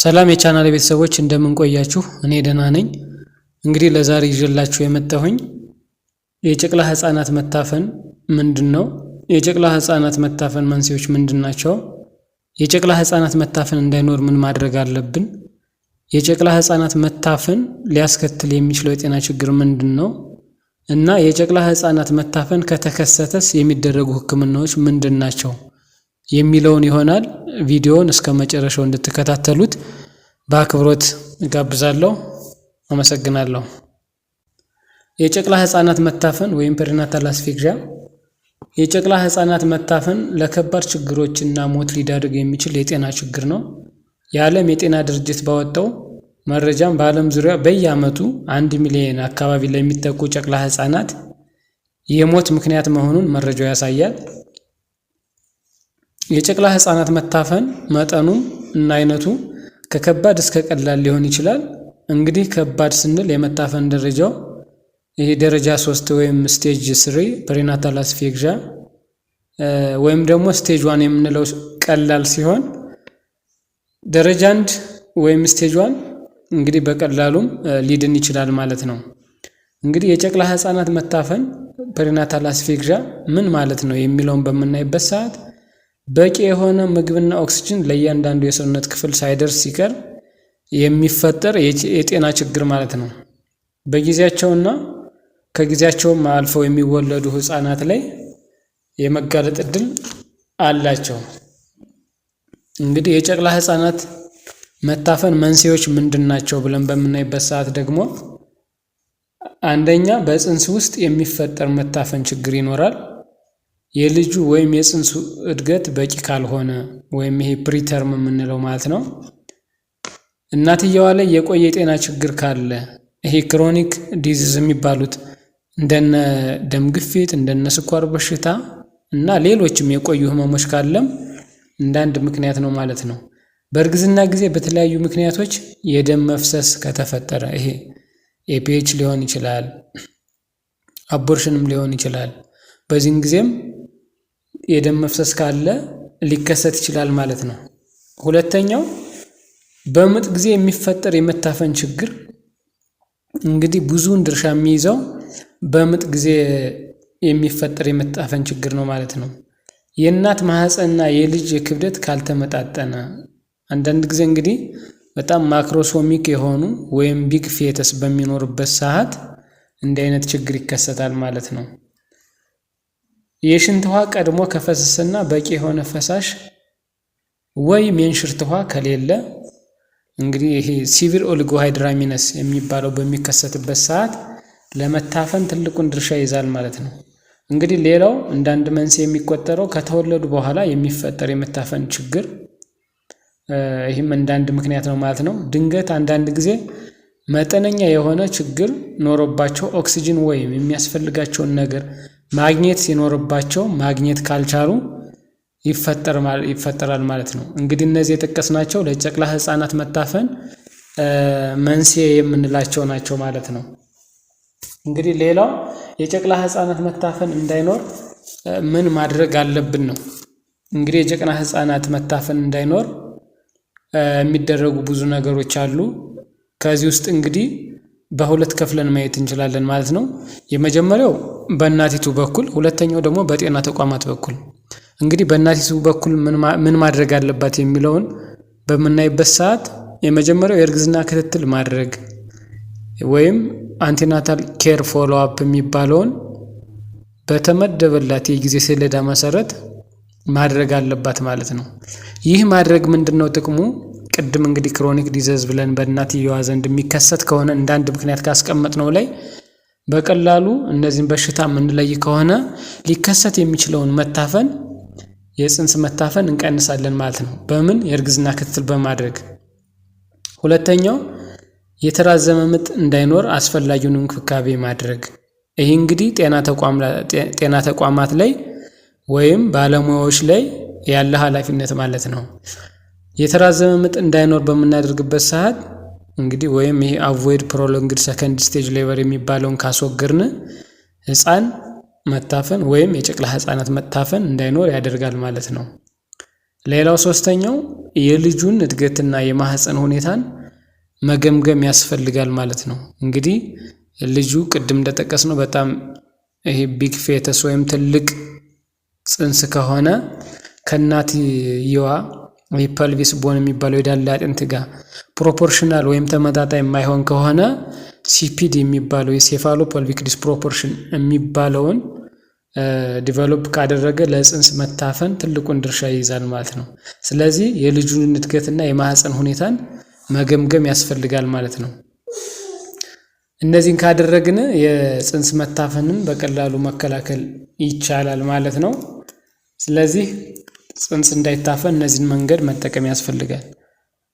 ሰላም የቻናል ቤተሰቦች እንደምንቆያችሁ፣ እኔ ደህና ነኝ። እንግዲህ ለዛሬ ይዤላችሁ የመጣሁኝ የጨቅላ ህጻናት መታፈን ምንድን ነው? የጨቅላ ህጻናት መታፈን መንስኤዎች ምንድን ናቸው? የጨቅላ ህጻናት መታፈን እንዳይኖር ምን ማድረግ አለብን? የጨቅላ ህጻናት መታፈን ሊያስከትል የሚችለው የጤና ችግር ምንድን ነው? እና የጨቅላ ህጻናት መታፈን ከተከሰተስ የሚደረጉ ህክምናዎች ምንድን ናቸው? የሚለውን ይሆናል። ቪዲዮውን እስከ መጨረሻው እንድትከታተሉት በአክብሮት እጋብዛለሁ። አመሰግናለሁ። የጨቅላ ህጻናት መታፈን ወይም ፐሪናታል አስፊክዣ የጨቅላ ህጻናት መታፈን ለከባድ ችግሮችና ሞት ሊዳርግ የሚችል የጤና ችግር ነው። የዓለም የጤና ድርጅት ባወጣው መረጃም በዓለም ዙሪያ በየዓመቱ አንድ ሚሊዮን አካባቢ ለሚጠቁ ጨቅላ ህጻናት የሞት ምክንያት መሆኑን መረጃው ያሳያል። የጨቅላ ህፃናት መታፈን መጠኑም እና አይነቱ ከከባድ እስከ ቀላል ሊሆን ይችላል። እንግዲህ ከባድ ስንል የመታፈን ደረጃው ይሄ ደረጃ ሶስት ወይም ስቴጅ ስሪ ፕሪናታል አስፌግዣ ወይም ደግሞ ስቴጅ ዋን የምንለው ቀላል ሲሆን ደረጃ አንድ ወይም ስቴጅ ዋን እንግዲህ በቀላሉም ሊድን ይችላል ማለት ነው። እንግዲህ የጨቅላ ህፃናት መታፈን ፕሪናታል አስፌግዣ ምን ማለት ነው የሚለውን በምናይበት ሰዓት በቂ የሆነ ምግብና ኦክስጅን ለእያንዳንዱ የሰውነት ክፍል ሳይደርስ ሲቀር የሚፈጠር የጤና ችግር ማለት ነው። በጊዜያቸውና ከጊዜያቸውም አልፈው የሚወለዱ ህፃናት ላይ የመጋለጥ እድል አላቸው። እንግዲህ የጨቅላ ህፃናት መታፈን መንስኤዎች ምንድን ናቸው ብለን በምናይበት ሰዓት ደግሞ አንደኛ በፅንስ ውስጥ የሚፈጠር መታፈን ችግር ይኖራል። የልጁ ወይም የፅንሱ እድገት በቂ ካልሆነ ወይም ይሄ ፕሪተርም የምንለው ማለት ነው። እናትየዋ ላይ የቆየ የጤና ችግር ካለ ይሄ ክሮኒክ ዲዚዝ የሚባሉት እንደነ ደም ግፊት፣ እንደነ ስኳር በሽታ እና ሌሎችም የቆዩ ህመሞች ካለም እንዳንድ ምክንያት ነው ማለት ነው። በእርግዝና ጊዜ በተለያዩ ምክንያቶች የደም መፍሰስ ከተፈጠረ ይሄ ኤፒኤች ሊሆን ይችላል፣ አቦርሽንም ሊሆን ይችላል። በዚህን ጊዜም የደም መፍሰስ ካለ ሊከሰት ይችላል ማለት ነው። ሁለተኛው በምጥ ጊዜ የሚፈጠር የመታፈን ችግር እንግዲህ ብዙውን ድርሻ የሚይዘው በምጥ ጊዜ የሚፈጠር የመታፈን ችግር ነው ማለት ነው። የእናት ማህፀንና የልጅ የክብደት ካልተመጣጠነ አንዳንድ ጊዜ እንግዲህ በጣም ማክሮሶሚክ የሆኑ ወይም ቢግ ፌተስ በሚኖርበት ሰዓት እንዲህ አይነት ችግር ይከሰታል ማለት ነው። የሽንት ውሃ ቀድሞ ከፈሰሰና በቂ የሆነ ፈሳሽ ወይም የእንሽርት ውሃ ከሌለ እንግዲህ ይሄ ሲቪር ሃይድራሚነስ የሚባለው በሚከሰትበት ሰዓት ለመታፈን ትልቁን ድርሻ ይዛል ማለት ነው። እንግዲህ ሌላው እንዳንድ መንስኤ የሚቆጠረው ከተወለዱ በኋላ የሚፈጠር የመታፈን ችግር፣ ይህም እንዳንድ ምክንያት ነው ማለት ነው። ድንገት አንዳንድ ጊዜ መጠነኛ የሆነ ችግር ኖሮባቸው ኦክሲጅን ወይም የሚያስፈልጋቸውን ነገር ማግኘት ሲኖርባቸው ማግኘት ካልቻሉ ይፈጠራል ማለት ነው። እንግዲህ እነዚህ የጠቀስናቸው ለጨቅላ ህፃናት መታፈን መንስኤ የምንላቸው ናቸው ማለት ነው። እንግዲህ ሌላው የጨቅላ ህፃናት መታፈን እንዳይኖር ምን ማድረግ አለብን ነው። እንግዲህ የጨቅላ ህፃናት መታፈን እንዳይኖር የሚደረጉ ብዙ ነገሮች አሉ። ከዚህ ውስጥ እንግዲህ በሁለት ከፍለን ማየት እንችላለን ማለት ነው። የመጀመሪያው በእናቲቱ በኩል፣ ሁለተኛው ደግሞ በጤና ተቋማት በኩል። እንግዲህ በእናቲቱ በኩል ምን ማድረግ አለባት የሚለውን በምናይበት ሰዓት የመጀመሪያው የእርግዝና ክትትል ማድረግ ወይም አንቲናታል ኬር ፎሎፕ የሚባለውን በተመደበላት የጊዜ ሰሌዳ መሰረት ማድረግ አለባት ማለት ነው። ይህ ማድረግ ምንድን ነው ጥቅሙ? ቅድም እንግዲህ ክሮኒክ ዲዘዝ ብለን በእናትየዋ ዘንድ የሚከሰት ከሆነ እንደ አንድ ምክንያት ካስቀመጥ ነው ላይ በቀላሉ እነዚህን በሽታ የምንለይ ከሆነ ሊከሰት የሚችለውን መታፈን የጽንስ መታፈን እንቀንሳለን ማለት ነው። በምን የእርግዝና ክትትል በማድረግ ሁለተኛው የተራዘመ ምጥ እንዳይኖር አስፈላጊውን እንክብካቤ ማድረግ። ይህ እንግዲህ ጤና ተቋማት ላይ ወይም ባለሙያዎች ላይ ያለ ኃላፊነት ማለት ነው። የተራዘመ ምጥ እንዳይኖር በምናደርግበት ሰዓት እንግዲህ ወይም ይሄ አቮይድ ፕሮሎንግድ ሰከንድ ስቴጅ ሌቨር የሚባለውን ካስወገርን ህፃን መታፈን ወይም የጨቅላ ህፃናት መታፈን እንዳይኖር ያደርጋል ማለት ነው። ሌላው ሶስተኛው የልጁን እድገትና የማህፀን ሁኔታን መገምገም ያስፈልጋል ማለት ነው። እንግዲህ ልጁ ቅድም እንደጠቀስ ነው በጣም ይሄ ቢግ ፌተስ ወይም ትልቅ ጽንስ ከሆነ ከእናትየዋ ፐልቪስ ቦን የሚባለው የዳሌ አጥንት ጋር ፕሮፖርሽናል ወይም ተመጣጣኝ የማይሆን ከሆነ ሲፒድ የሚባለው የሴፋሎ ፐልቪክ ዲስፕሮፖርሽን የሚባለውን ዲቨሎፕ ካደረገ ለጽንስ መታፈን ትልቁን ድርሻ ይይዛል ማለት ነው። ስለዚህ የልጁን እድገትና የማህፀን ሁኔታን መገምገም ያስፈልጋል ማለት ነው። እነዚህን ካደረግን የጽንስ መታፈንን በቀላሉ መከላከል ይቻላል ማለት ነው። ስለዚህ ጽንስ እንዳይታፈን እነዚህን መንገድ መጠቀም ያስፈልጋል።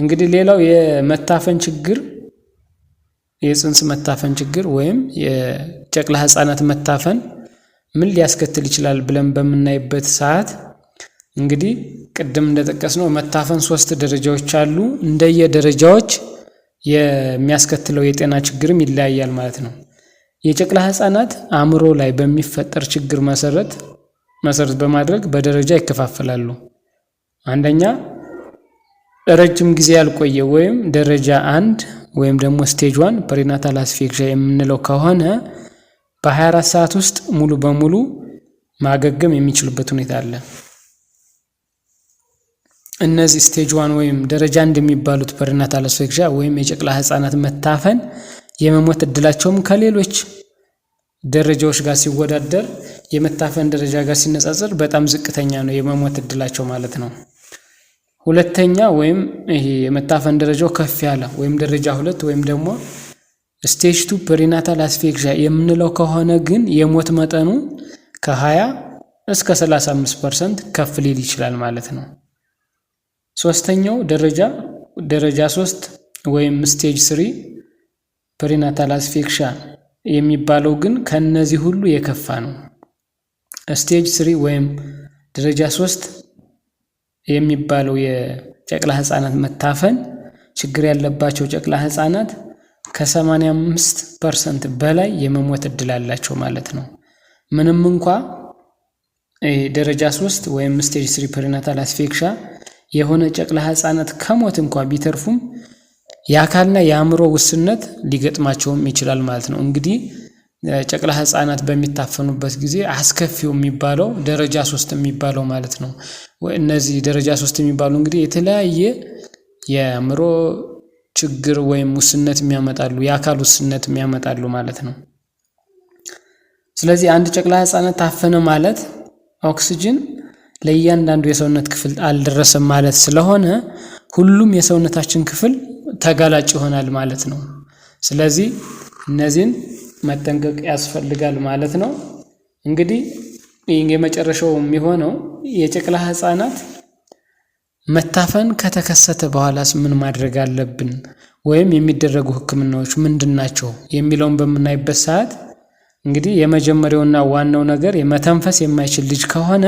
እንግዲህ ሌላው የመታፈን ችግር የጽንስ መታፈን ችግር ወይም የጨቅላ ህፃናት መታፈን ምን ሊያስከትል ይችላል ብለን በምናይበት ሰዓት እንግዲህ ቅድም እንደጠቀስነው መታፈን ሶስት ደረጃዎች አሉ። እንደየደረጃዎች የሚያስከትለው የጤና ችግርም ይለያያል ማለት ነው። የጨቅላ ህፃናት አእምሮ ላይ በሚፈጠር ችግር መሰረት መሰረት በማድረግ በደረጃ ይከፋፈላሉ። አንደኛ ረጅም ጊዜ ያልቆየ ወይም ደረጃ አንድ ወይም ደግሞ ስቴጅ ዋን ፐሪናታል አስፌክሻ የምንለው ከሆነ በ24 ሰዓት ውስጥ ሙሉ በሙሉ ማገገም የሚችሉበት ሁኔታ አለ። እነዚህ ስቴጅ ዋን ወይም ደረጃ አንድ የሚባሉት ፐሪናታል አስፌክሻ ወይም የጨቅላ ህጻናት መታፈን የመሞት እድላቸውም ከሌሎች ደረጃዎች ጋር ሲወዳደር የመታፈን ደረጃ ጋር ሲነጻጸር በጣም ዝቅተኛ ነው የመሞት እድላቸው ማለት ነው። ሁለተኛ ወይም ይሄ የመታፈን ደረጃው ከፍ ያለ ወይም ደረጃ ሁለት ወይም ደግሞ ስቴጅ ቱ ፕሪናታል አስፌክሻ የምንለው ከሆነ ግን የሞት መጠኑ ከ20 እስከ 35 ፐርሰንት ከፍ ሊል ይችላል ማለት ነው። ሶስተኛው ደረጃ ደረጃ ሶስት ወይም ስቴጅ ስሪ ፕሪናታል አስፌክሻ የሚባለው ግን ከእነዚህ ሁሉ የከፋ ነው። ስቴጅ ስሪ ወይም ደረጃ ሶስት የሚባለው የጨቅላ ህጻናት መታፈን ችግር ያለባቸው ጨቅላ ህጻናት ከ85 ፐርሰንት በላይ የመሞት እድል አላቸው ማለት ነው። ምንም እንኳ ደረጃ ሶስት ወይም ስቴጅ ስሪ ፕሪናታል አስፌክሻ የሆነ ጨቅላ ህጻናት ከሞት እንኳ ቢተርፉም የአካልና የአእምሮ ውስንነት ሊገጥማቸውም ይችላል ማለት ነው። እንግዲህ ጨቅላ ህጻናት በሚታፈኑበት ጊዜ አስከፊው የሚባለው ደረጃ ሶስት የሚባለው ማለት ነው። እነዚህ ደረጃ ሶስት የሚባሉ እንግዲህ የተለያየ የአእምሮ ችግር ወይም ውስነት የሚያመጣሉ የአካል ውስነት የሚያመጣሉ ማለት ነው። ስለዚህ አንድ ጨቅላ ህጻናት ታፈነ ማለት ኦክስጅን ለእያንዳንዱ የሰውነት ክፍል አልደረሰም ማለት ስለሆነ ሁሉም የሰውነታችን ክፍል ተጋላጭ ይሆናል ማለት ነው። ስለዚህ እነዚህን መጠንቀቅ ያስፈልጋል ማለት ነው። እንግዲህ የመጨረሻው የሚሆነው የጨቅላ ህፃናት መታፈን ከተከሰተ በኋላስ ምን ማድረግ አለብን ወይም የሚደረጉ ህክምናዎች ምንድን ናቸው የሚለውን በምናይበት ሰዓት እንግዲህ የመጀመሪያውና ዋናው ነገር የመተንፈስ የማይችል ልጅ ከሆነ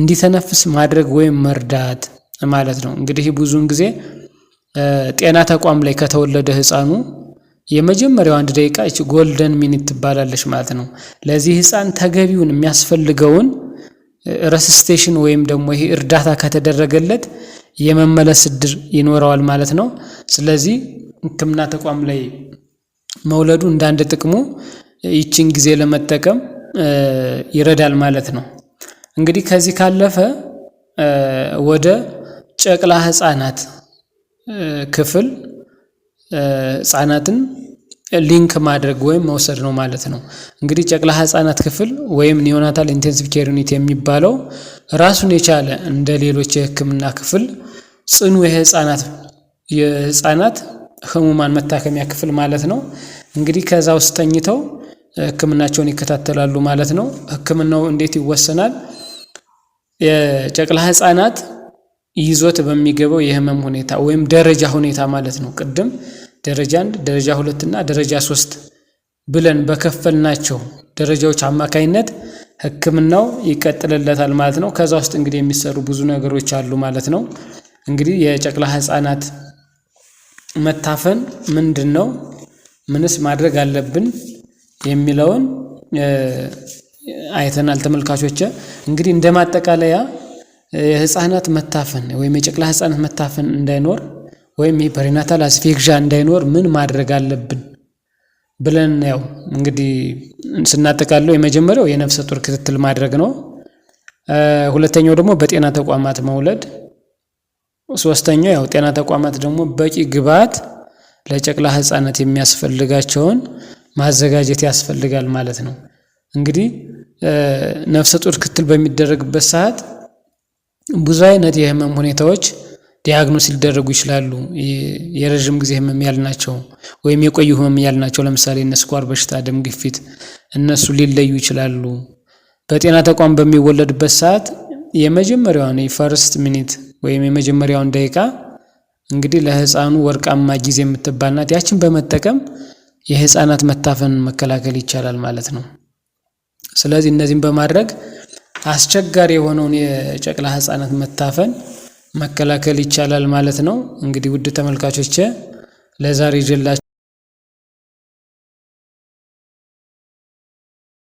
እንዲተነፍስ ማድረግ ወይም መርዳት ማለት ነው። እንግዲህ ብዙውን ጊዜ ጤና ተቋም ላይ ከተወለደ ህፃኑ? የመጀመሪያው አንድ ደቂቃ ይች ጎልደን ሚኒት ትባላለች ማለት ነው። ለዚህ ህፃን ተገቢውን የሚያስፈልገውን ረስስቴሽን ወይም ደግሞ ይሄ እርዳታ ከተደረገለት የመመለስ እድር ይኖረዋል ማለት ነው። ስለዚህ ህክምና ተቋም ላይ መውለዱ እንዳንድ ጥቅሙ ይችን ጊዜ ለመጠቀም ይረዳል ማለት ነው። እንግዲህ ከዚህ ካለፈ ወደ ጨቅላ ህፃናት ክፍል ህፃናትን። ሊንክ ማድረግ ወይም መውሰድ ነው ማለት ነው። እንግዲህ ጨቅላ ህጻናት ክፍል ወይም ኒዮናታል ኢንቴንሲቭ ኬር ዩኒት የሚባለው ራሱን የቻለ እንደ ሌሎች የህክምና ክፍል ጽኑ የህጻናት የህጻናት ህሙማን መታከሚያ ክፍል ማለት ነው። እንግዲህ ከዛ ውስጥ ተኝተው ህክምናቸውን ይከታተላሉ ማለት ነው። ህክምናው እንዴት ይወሰናል? የጨቅላ ህጻናት ይዞት በሚገባው የህመም ሁኔታ ወይም ደረጃ ሁኔታ ማለት ነው። ቅድም ደረጃ አንድ ደረጃ ሁለት እና ደረጃ ሶስት ብለን በከፈልናቸው ደረጃዎች አማካኝነት ህክምናው ይቀጥልለታል ማለት ነው። ከዛ ውስጥ እንግዲህ የሚሰሩ ብዙ ነገሮች አሉ ማለት ነው። እንግዲህ የጨቅላ ህፃናት መታፈን ምንድን ነው? ምንስ ማድረግ አለብን? የሚለውን አይተናል ተመልካቾች። እንግዲህ እንደ ማጠቃለያ የህፃናት መታፈን ወይም የጨቅላ ህፃናት መታፈን እንዳይኖር ወይም የፐሪናታል አስፌክዣ እንዳይኖር ምን ማድረግ አለብን ብለን ያው እንግዲህ ስናጠቃለው የመጀመሪያው የነፍሰ ጡር ክትትል ማድረግ ነው። ሁለተኛው ደግሞ በጤና ተቋማት መውለድ። ሶስተኛው ያው ጤና ተቋማት ደግሞ በቂ ግብዓት ለጨቅላ ህፃነት የሚያስፈልጋቸውን ማዘጋጀት ያስፈልጋል ማለት ነው። እንግዲህ ነፍሰ ጡር ክትል በሚደረግበት ሰዓት ብዙ አይነት የህመም ሁኔታዎች ዲያግኖስ ሊደረጉ ይችላሉ። የረዥም ጊዜ ህመም ያልናቸው ወይም የቆዩ ህመም ያልናቸው ለምሳሌ እነ ስኳር በሽታ፣ ደም ግፊት እነሱ ሊለዩ ይችላሉ። በጤና ተቋም በሚወለድበት ሰዓት የመጀመሪያውን የፈርስት ሚኒት ወይም የመጀመሪያውን ደቂቃ እንግዲህ ለህፃኑ ወርቃማ ጊዜ የምትባል ናት። ያችን በመጠቀም የህፃናት መታፈን መከላከል ይቻላል ማለት ነው። ስለዚህ እነዚህም በማድረግ አስቸጋሪ የሆነውን የጨቅላ ህፃናት መታፈን መከላከል ይቻላል ማለት ነው። እንግዲህ ውድ ተመልካቾቼ ለዛሬ ይዤላችሁ